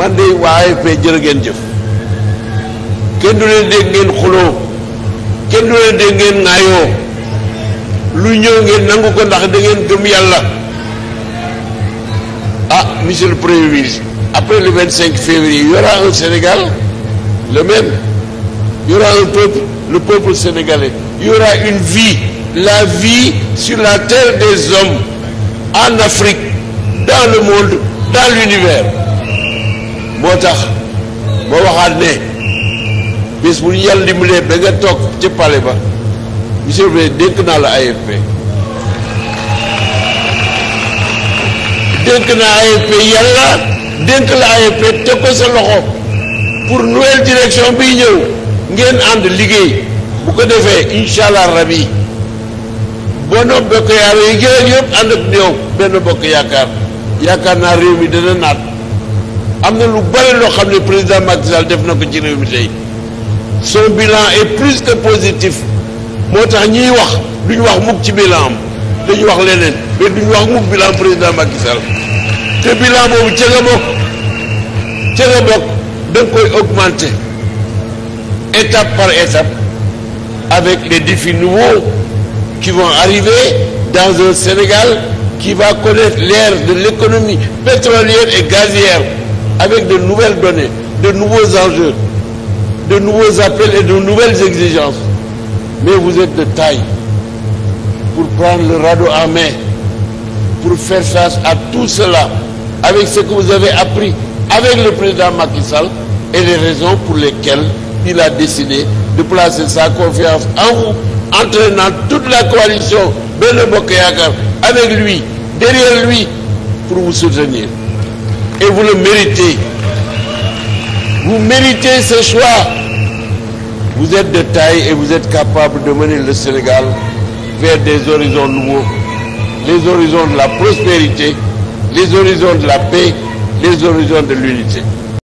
man de waaye fee jërë ngeen jëf kenn du leen dégg ngeen xuloo kenn du leen dégg ngeen ŋaayoo lu ñëw ngeen nangu ko ndax da ngeen gëm yàlla ah monsieur le premier ministre après le 25 février il y un Sénégal le même il y un peuple le peuple sénégalais il y une vie la vie sur la terre des hommes en Afrique dans le monde dans l'univers moo tax ma waxaat ne bis bu ñu yàlla dimbalee ba nga toog ci palais ba monsieur le maire dénk naa la AFP dénk naa AFP yàlla dénk la AFP teg ko sa loxo pour nouvelle direction bi ñëw ngeen ànd liggéey bu ko defee incha allah rabi bono bokk yaakaar yi gën yëpp ànd ak ñëw benn bokk yaakaar yaakaar naa réew mi dana naat. am na lu bëri loo xam ne président Macky def na ko ci réew mi tey son bilan est plus que positif moo tax ñiy wax ñu wax mukk ci bilan am dañu wax leneen mais duñu wax mukk bilan président Macky Sall te bilan boobu ca nga bokk ca nga bokk da nga koy augmenter étape par étape avec les défis nouveaux qui vont arriver dans un Sénégal qui va connaître l'ère de l'économie pétrolière et gazière avec de nouvelles données, de nouveaux enjeux, de nouveaux appels et de nouvelles exigences. Mais vous êtes de taille pour prendre le radeau en main, pour faire face à tout cela, avec ce que vous avez appris avec le président Macky Sall et les raisons pour lesquelles il a décidé de placer sa confiance en vous, entraînant toute la coalition Benno Bokk Yakaar avec lui, derrière lui, pour vous soutenir. et vous le méritez. Vous méritez ce choix. Vous êtes de taille et vous êtes capable de mener le Sénégal vers des horizons nouveaux, les horizons de la prospérité, les horizons de la paix, les horizons de l'unité.